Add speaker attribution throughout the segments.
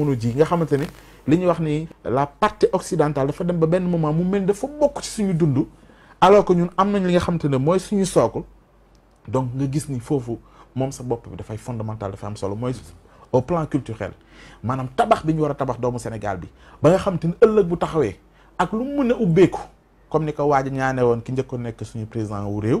Speaker 1: munu ji nga xamante ni li wax ni la partie occidentale dafa dem ba benn moment mu mel dafa bokk ci suñu dund alors que ñun am li nga xamante ne mooy suñu socle donc nga gis ni foofu moom sa bopp bi dafay fondamental dafay am solo mooy au plan culturel maanaam tabax bi ñu war a tabax doomu Sénégal bi ba nga xamante ni ëllëg bu taxawee ak lu mu mën a ubbeeku comme ni ko waaj ñaane woon ki njëkkoon nekk suñu président wu réew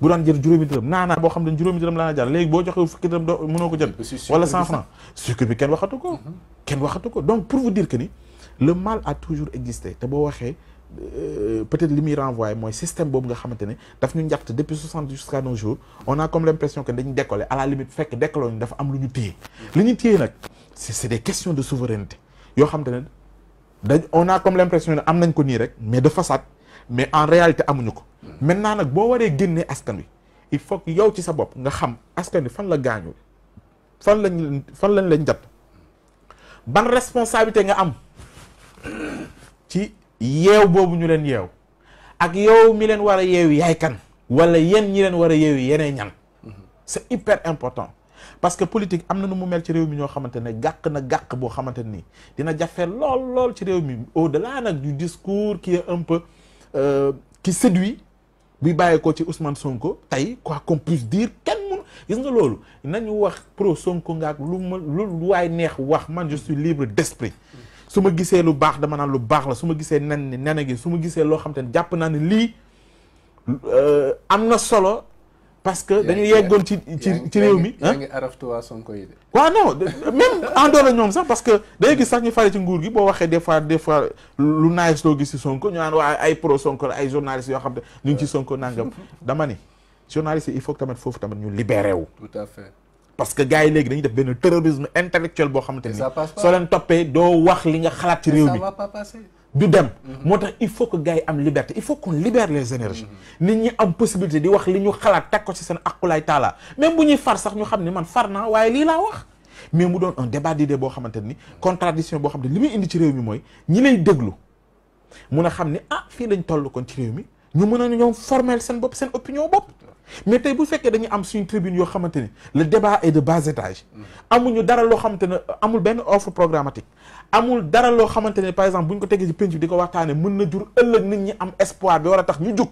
Speaker 1: buran daan jël juróomi nana naanaa boo xam ne juróomi dërëm laa jar léegi boo joxee fukki dërëm doo mënoo ko jënd wala sucre bi waxatu ko mm-hmm. ken waxatu ko donc pour vous dire que ni le mal a toujours existé te boo waxee euh, peut-être li muy renvoyé mooy système boobu nga xamante ne daf ñu njàtt depuis 60 jusqu'à nos jours on a comme l'impression que dañu décoller à la limite fait que ñu dafa am lu ñu téye li c'est des questions de souveraineté yo xamante dañ on a comme l'impression ne am nañ ko rek mais de façade mais en réalité amuñu maintenant nak bo waré askan wi il faut que yow ci sa bop nga xam fan la fan fan lañ ban responsabilité nga am ci yew bobu ñu leen yew ak yow mi leen a kan wala ñi ñan c'est hyper important parce que politique amna nu mu mel ci rew mi ñoo gak na gak bo dina ci mi au delà du discours qui est un peu euh, qui séduit bi baye ko ci Ousmane Sonko tay quoi qu'on puisse dire ken mun gis nga lolu nañu wax pro Sonko nga ak lu ma lu waay neex wax man je suis libre d'esprit suma ma lu bax dama naan lu bax la suma ma gisee nen ni nena gi su ma gisee loo xam te ne jàpp naa ne lii euh, am solo parce que dañu yeggoon ci ci ci réew mi yaa ngi hein? Sonko yi de non même en dehors ñoom sax parce que day gis sax ñu fare ci nguur gi bo waxé des fois des fois lu nice loo gis ci Sonko ñu naan waa ay pro Sonko ay journalistes yo xamné ñu ci Sonko nangam dama ni journalistes il faut que tamit fofu tamit ñu libéré wu tout à fait parce que gars yi léegi dañuy def terrorisme intellectuel bo xamanteni so len topé do wax li nga xalat ci réew mi du dem mm-hmm. motax il faut que gars am liberté il faut qu'on libère les énergies mm-hmm. nit ñi am possibilité di wax li ñu xalat tak ko ci seen aqulaay taala même bu ñuy far sax ñu xamni man farna waye li la wax mais mu doon un débat d'idées bo xamanteni ni contradiction bo xamanteni ne indi ci réew mi mooy ñi lay déglu mu na xamni ah fi lañ toll kon ci réew mi ñu mëna a formel sen bop sen opinion bop mais tey bu fekkee dañu am suñu tribune yoo xamante ni le débat est de bas étage amuñu dara loo xamante ne amul benn offre programmatique amul dara loo xamante ne par exemple bu ñu ko tegee ci penc bi di ko waxtaane mën na jur ëllëg nit ñi am espoir bi war a tax ñu jug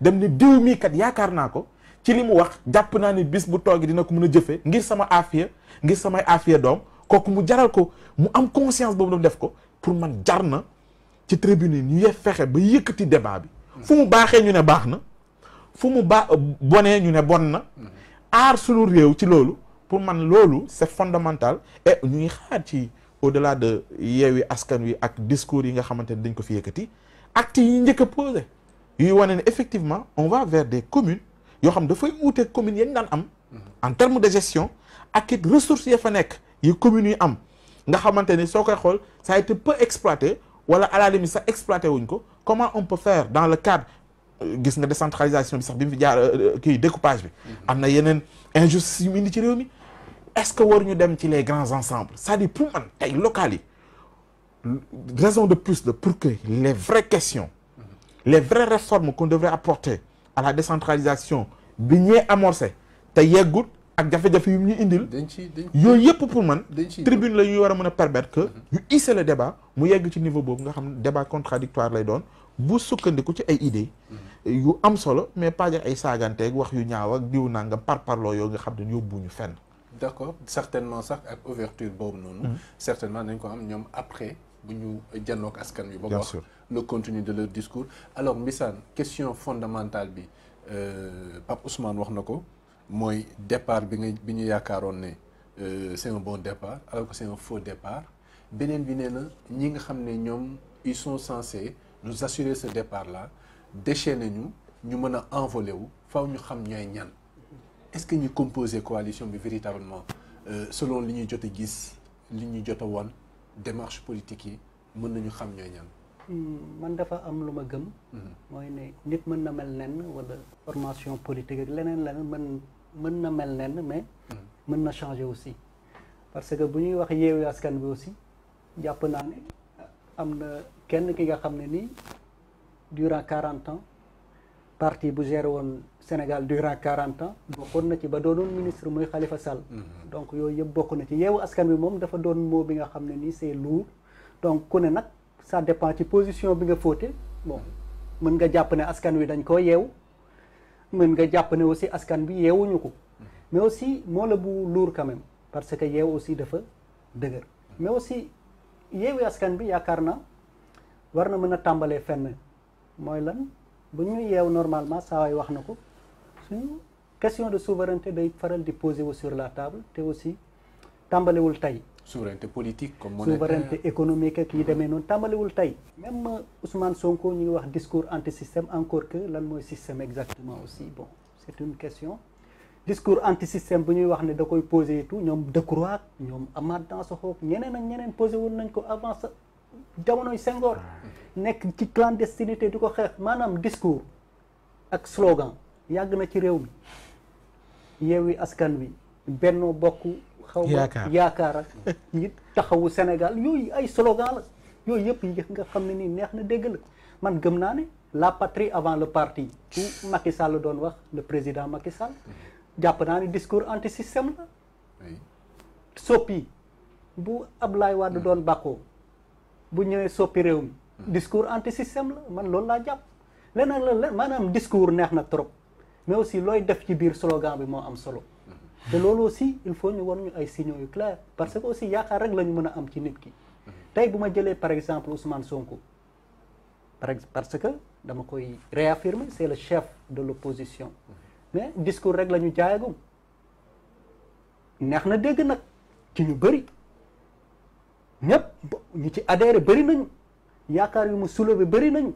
Speaker 1: dem ne diw mii kat yaakaar naa ko ci li mu wax jàpp naa ne bis bu toogee dina ko mën a jëfee ngir sama aafiya ngir samay aafiya doom kooku mu jaral ko mu am conscience boobu doon def ko pour man jar na ci tribune yi ñu fexe ba yëkkati débat bi fu mu baaxee ñu ne baax na fu ba euh, boné ñu né bon na mhm. aar ci lolu pour man lolu c'est fondamental et ñu ngi xaar ci au-delà de yeewi askan wi ak discours yi nga xamante dañ ko fi yëkkati acte yi njëkk poser posé wone effectivement on va vers des communes yo xam dafay commune communes yañ daan am mhm. en termes de gestion ak les ressources ya fa nek yi communes yi am nga xamante ni soo ça a été peu exploité wala à la limite ça exploité wuñ ko comment on peut faire dans le cadre gis nga décentralisation bi sax bi fi jaar euh, kii découpage bi. Mhm. am na yeneen injustice yu indi ci réew mi. est-ce que ñu dem ci les grands ensembles c'est-à-dire pour man tey local yi raison de plus de pour que les vraies questions. Mhm. les vraies réformes qu'on devrait apporter à la décentralisation bi ñuy amorcé te yeggul ak jafe-jafe yu ñu indil. dañ yooyu yëpp pour man. tribune la ñu war a mën a permettre que. Mhm. ñu hissé le débat mu yegg ci niveau boobu nga xam débat contradictoire lay doon bu sukkandiku ci ay idées yu am solo mais pas de ay saaganteeg wax yu ñaaw ak diw nangam par parlo yo nga xam ne yóbbuñu fenn.
Speaker 2: d'accord certainement sax ak ouverture bob nonu mm. certainement nañ ko am ñom après buñu ñu askan wi. ba le contenu de leur discours. alors Mbissane question fondamentale bi euh, Pape Ousmane wax nako moy départ bi nga bi ñu yaakaaroon euh, un bon départ alors que c'est un faux départ benen bi nee na ñi nga xamné ñom ils sont censés nous assurer ce départ là déchaîné ñu ñu mën envolé wu faw ñu xam ñooy ñan est-ce que nous composer coalition bi véritablement euh, selon li ñuy jot a gis li démarche politique yi nous nañu xam
Speaker 3: hmm, man dafa am luma ma gëm. moy mhm. ne nit mën na mel nen wala formation politique ak leneen leneen mën mën na mel nen mais. Mhm. mën na changer aussi. parce que bu ñuy wax yeewu askan bi aussi jàpp naa ne ah, am na kenn ki nga xam ne nii durant quarante ans partie bu géré woon Sénégal durant quarante ans bokkoon na ci ba doonoon ministre muy Khalifa Sall mhm. donc yooyu yëpp bokk na ci yeewu askan bi moom dafa doon moo bi nga xam ne nii see lourd donc ku ne nag sa dépend ci position bi nga fóote bon mën nga jàpp ne askan wi dañ koo yeewu mën nga jàpp ne aussi askan bi yeewuñu ko mhm. mais aussi moo la bu lourd quand même parce que yeewu aussi dafa dëgër mhm. mais aussi yeewu askan bi yaakaar na war na mën a tàmbalee fenn mooy lan bu ñu yew normalement ça way wax na ko suñu question de souveraineté day faral di poser wu sur la table te aussi tàmbalewul tay souveraineté politique comme monétaire souveraineté économique ak yi demee noonu tàmbalewul tay même Ousmane Sonko ñu ngi wax discours anti-système encore que lan mooy système exactement aussi bon c'est une question. discours anti-système bu ñuy wax ne da koy poser tout ñoom Decroix ñoom Amath Dansokho ñeneen ak ñeneen posé woon nañ ko avant jamonoy sengoor nekk ci clandestinité di ko xeex maanaam discours ak slogan yàgg na ci réew mi yeewi askan wi bennoo bokk xaw ma yaakaar ak taxawu Sénégal yooyu ay slogan la yooyu yëpp yi nga xam ne nii neex na dégg la man gëm naa ne la patrie avant le parti bu Macky Sall doon wax le président Macky Sall jàpp naa ne discours anti système la soppi bu ab Ablaye Wade hmm. doon bàkkoo bu ñëwee soppi réew mi discours anti système la man loolu laa jàpp leneen la len maanaam discours neex na trop mais aussi looy def ci biir slogan bi moo am solo te loolu aussi il faut ñu war ñu ay signaux yu clair parce que aussi yaakaar rek lañu mën a am ci nit ki tey bu ma jëlee par exemple Ousmane Sonko par parce que dama koy réaffirmer c'est le chef de l'opposition mais discours rek la ñu jaayagum neex na dégg nag ci ñu bëri ñëpp ñu ci adhéré bëri nañu yaakaar yu mu soulevé bëri nañu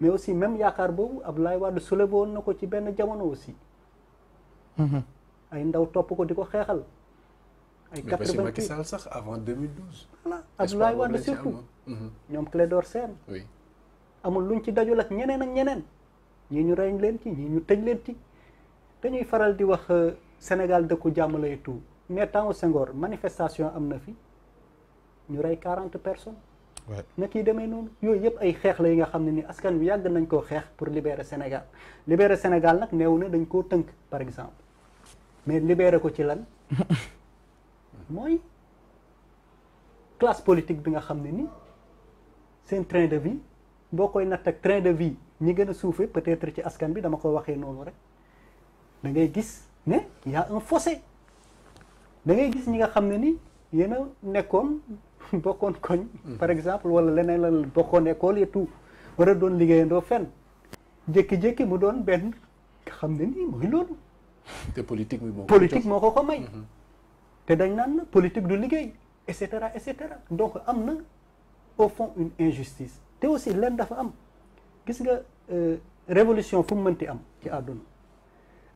Speaker 3: mais aussi même yaakaar boobu ab laay Wade soulevé woon na ko ci benn jamono aussi. Mhm. ay ndaw topp ko di ko xeexal.
Speaker 1: ay quatre-vingt-huit mais Macky Sall sax
Speaker 2: avant 2012.
Speaker 3: voilà Abdoulaye Wade surtout. Mhm. ñoom Clédor Sène. oui amul luñ ci dajul ak ñeneen ak ñeneen. ñii ñu rey leen ci ñii ñu tëj leen ci dañuy faral di wax euh, Sénégal dëkku jàmm lay tuut mais temps Senghor manifestation am na fi. ñu rey quarante personnes nag yi demee noonu yooyu yëpp ay xeex la yi nga xam ne ni askan bi yàgg nañ koo xeex pour libérer Sénégal libérer Sénégal nag néew na dañ koo tënk par exemple mais libérer ko ci lan mooy classe politique bi nga xam ne ni seen train de vie boo koy natt ak train de vie ñi gën a suufee peut-être ci askan bi dama ko waxee noonu rek da ngay gis ne y un fossé da ngay gis ñi nga xam ne ni yéen nekkoon par exemple wala leneen la école et tout a mu doon
Speaker 2: politique politique moo
Speaker 3: politique du et cetera donc au fond une injustice te aussi l'un dafa am gis nga euh, révolution fu mu mënti am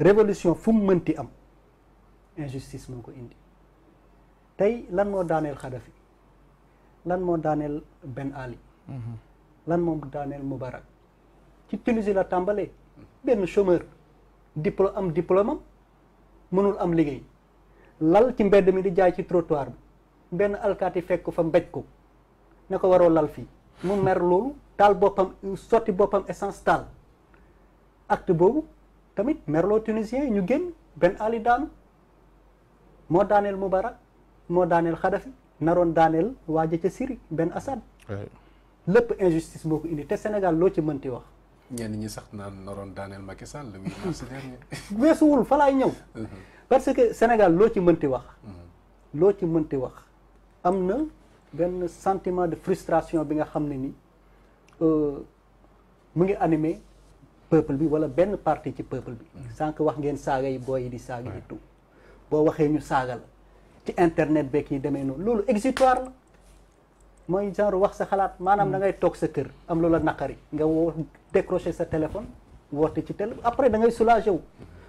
Speaker 3: révolution fu injustice moo ko indi tey lan lan mo daniel Ben Ali mhm. lan mo daniel mubarak ci Tunisie la tambalé ben chômeur diplôme am diplôme mënul am liggéey lal ci mbedd mi di jaay ci trottoir ben alkati fekk fa mbéj ko nako waro pam lal stal. mu mer lolu tal bopam soti bopam essence tal acte bobu tamit merlo tunisien ñu genn Ben Ali dan, Mo Daniel Mubarak, Mo Daniel Khadafi. naroon daaneel waaja ca Syrie benn Assad lépp injustice moo ko indi te Sénégal loo ci mënti wax
Speaker 2: ñenn ñi sax naan naroon daaneel Macky Sall le huit mars dernier
Speaker 3: weesuwul fa laay ñëw mhm. parce que Sénégal loo ci mënti wax mhm. loo ci mënti wax am na benn sentiment de frustration bi nga xam ne ni euh, mu ngi animé peuple bi wala benn parti ci peuple bi mhm. sànq wax ngeen saaga yi booy yi di saaga yi tout boo waxee ñu saaga la ci internet beeg yi demee noonu loolu exutoire la mooy genre wax sa xalaat maanaam hmm. da ngay toog sa kër am loola naqari nga woo décrocher sa téléphone woote ci télé après da ngay soulagé wu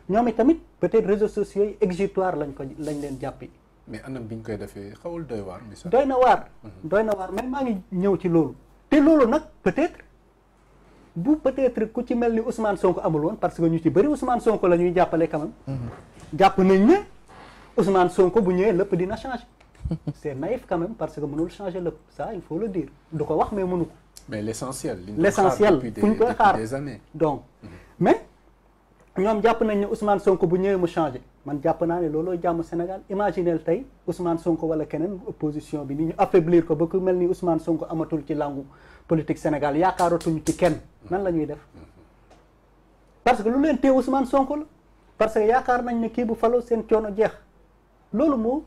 Speaker 3: ñoom itamit peut-être réseaux sociaux yi exutoire lañ ko lañ leen jàppee. mais anam bi ñu
Speaker 2: koy defee xawul doy
Speaker 3: waar. doy na waar. Hmm. doy na waar mais maa ngi ñëw ci loolu. te loolu nag peut-être bu peut-être ku ci mel ni Ousmane Sonko amul woon parce que ñu ci bëri Ousmane Sonko la ñuy jàppale quand même. Hmm. jàpp Ousmane Sonko bu ñëwee lépp dina changer c'est naïf quand même parce que mënul changer lépp ça il faut le dire du ko wax mais mënu mais l'essentiel l'essentiel fu ñu koy xaar donc mhm. mais ñom japp nañ ne Ousmane Sonko bu ñëwee mu changer man japp naa né looloo jamm Sénégal imaginel tay Ousmane Sonko wala keneen opposition bi ni ñu affaiblir ko ba melni Ousmane Sonko amatul ci langu politique Sénégal yaakaaratuñu ci kenn nan lañuy def parce que lu leen té Ousmane Sonko la parce que yaakaar nañ ne kii bu faloo seen coono jeex loolu moo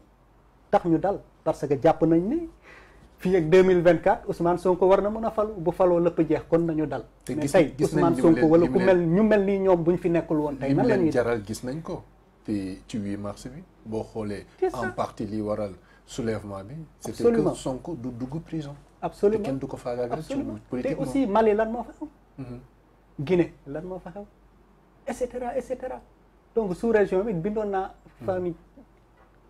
Speaker 3: tax ñu dal parce que japp nañ ni fi ak 2024 Ousmane Sonko war na mën a bu falo lepp jeex kon nañu dal.
Speaker 2: te gis Ousmane Sonko wala ku mel ñu mel ni ñom buñ fi nekkul won tay nan lañu jaral gis nañ ko. te ci 8 mars bi bo xolé en partie li waral soulèvement bi. c'était que Sonko du dugg prison. absolument te kenn du ko faagaagal ci politique aussi
Speaker 3: Mali lan moo fa xew.
Speaker 2: Mhm. Guinée
Speaker 3: lan mo fa xew. et cetera et cetera donc sous région bi bindona mhm. famille.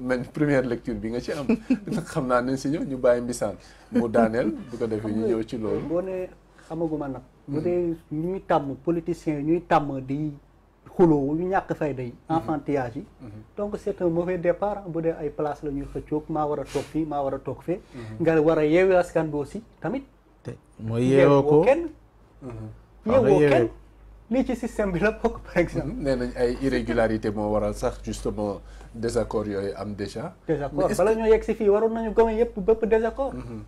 Speaker 2: men première lecture bi nga ci am xam naa ne si ñëw ñu bàyyi mbisaan mu daaneel bu ko defee ñu ñëw ci loolu boo
Speaker 3: ne xamaguma nag hmm. bu dee ñuy tàmm politiciens yi ñuy tàmm di xuloo yu ñàkk fayda yi hmm. enfantillage hmm. donc c'est un mauvais départ bu dee ay place la ñuy cook maa war a toog fii maa war a toog fee nga war a yeewu askan bi aussi tamit
Speaker 1: mooy yeewoo ko kenn yeewoo
Speaker 3: kenn
Speaker 2: lii ci système bi la bokk par exemple. Mm-hmm. nee nañ ay irrégularité moo waral sax justement désaccord yooyu am déjà.
Speaker 3: désaccord bala ñoo
Speaker 2: yegg si fii waroon nañu gome yëpp bépp désaccord.
Speaker 3: Mm-hmm.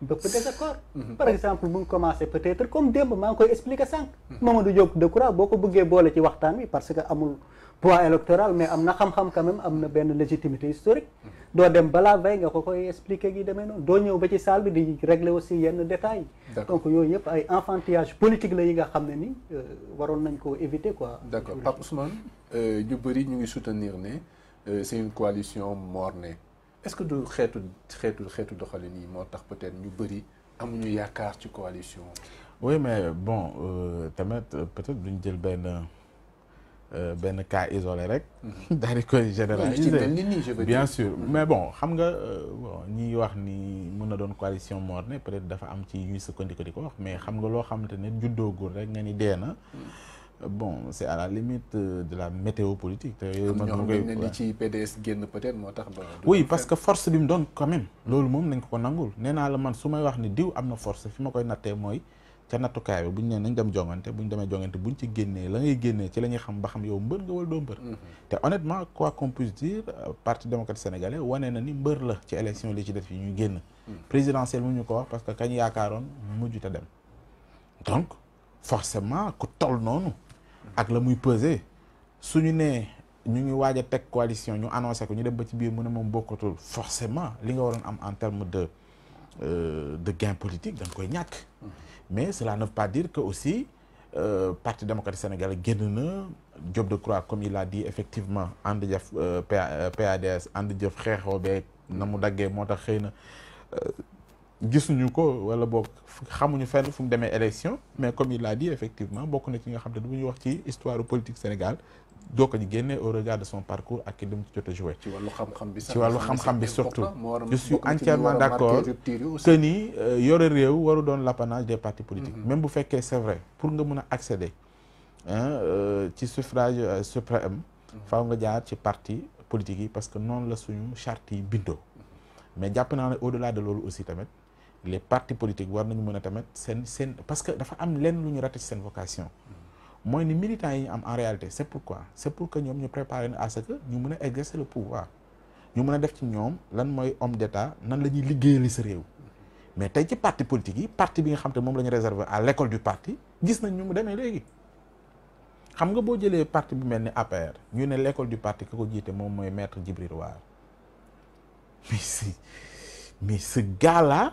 Speaker 3: bëpp désaccord mhm. par exemple mu ngi commencé peut-être comme démb maa ngi koy expliquer sànq Mamadou Diop Decroix boo ko bëggee boole ci waxtaan wi parce que amul poids électoral mais am na xam-xam quand am na benn légitimité historique mhm. doo dem balaa bay nga ko koy expliquer gi demee noonu doo ñëw ba ci salle bi di régler aussi yenn détails yi donc yooyu yëpp ay enfantillage politique la yi nga
Speaker 2: xam ne ni euh, waroon nañ ko éviter quoi d'accord Pape Ousmane euh, ñu bëri ñu ngi soutenir ne euh, c'est une coalition est-ce que du xeetu xeetu xeetu doxalin yi moo tax peut-être ñu bëri amuñu yaakaar ci coalition
Speaker 1: oui mais bon euh, tamit euh, peut-être duñ jël benn ben cas isolé rek mhm. daal ko généraliser bien sûr mhm. mais bon xam nga ñi wax ni mëna na doon coalition morne peut-être dafa am ci ñuy sukkandiku di ko wax mais xam nga lo xamante juddo juddoogul rek nga ni déna euh, bon c'est à la limite euh, de la météo politique. te man ñoo xam ne li
Speaker 2: PDS peut-être oui
Speaker 1: parce que force bi mu doon quand même. loolu mom nañ ko ko nangul nee naa man su wax ni diw amna force Fima koy nattee mooy ca nattukaay bi bu ñu nee nañ dem jongante bu ñu demee jongante bu ñu ci génnee la ngay génnee ci la ñuy xam ba xam yow mbër nga wala doo mbër. Mhm. te honnêtement quoi qu'on puisse dire euh, parti démocrate sénégalais wane na ni mbër la ci élection législative yi ñuy génn. Mhm. présidentielle mu ñu ko wax parce que kañ yaakaaroon mujj te dem. donc forcément ku toll noonu ak la muy peser suñu né ñu ngi wajé a coalition ñu annoncé ko ñu dem ba ci biir mu mom moom forcément li nga waron am en terme de euh, de gain politique da koy mais cela ne veut pas dire que aussi euh, parti démocratique sénégalais genn na de croix comme il a dit effectivement and jëf euh, PADS euh, and jëf xeexoo beeg na mu daggee moo tax gisuñu ko wala bok xamuñu fenn fu démé élection mais comme il l'a dit effectivement bokk na ci nga xamné ne wax ci histoire politique Sénégal Donc, ñu génnee au regard de son parcours ak li mu ci jot jouer. joué. ci walu xam-xam bi ci wàllu xam-xam bi surtout. je suis entièrement d'accord que ni euh, yoré réew waru doon l'apanage des partis politiques. Mm-hmm. même bu féké c'est vrai pour nga mëna accéder hein euh, ci suffrage euh, suprême. Mm-hmm. faaw nga jaar ci parti politique yi parce que non, la suñu charte yi bindoo. Mm-hmm. mais japp naa ne au delà de loolu aussi tamit les partis politiques war nañu mëna tamet sen sen parce que dafa am lenn luñu ñu raté ci sen vocation moy ni militants yi am en réalité c'est pourquoi c'est pour que ñom ñu préparer à ce que ñu mëna exercer le pouvoir ñu mëna def ci ñom lan moy homme d'état nan lañuy liggéey li sa réew mais tay ci parti politique yi parti bi nga xam te moom la réservé à l'école du parti gis nañ ñu mu démé légui xam nga bo jëlee parti bu melni APR ñu né l'école du parti ki ko jiite moom maître Djibril War mais si mais ce gars-là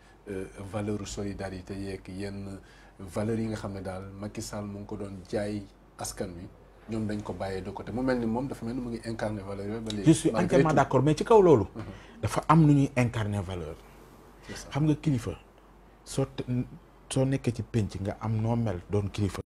Speaker 2: Euh, valeur solidarité yeeg yenn valeur yi nga xamné dal Macky Sall mo ngi ko don jaay askan wi ñom dañ ko bayé de côté mo melni mom dafa mel mo ngi incarner valeur ba je suis entièrement d'accord
Speaker 1: mais ci kaw lolu mhm. dafa am nu ñuy incarner valeur xam nga kilifa so so nekk ci pénc nga am no mel don kilifa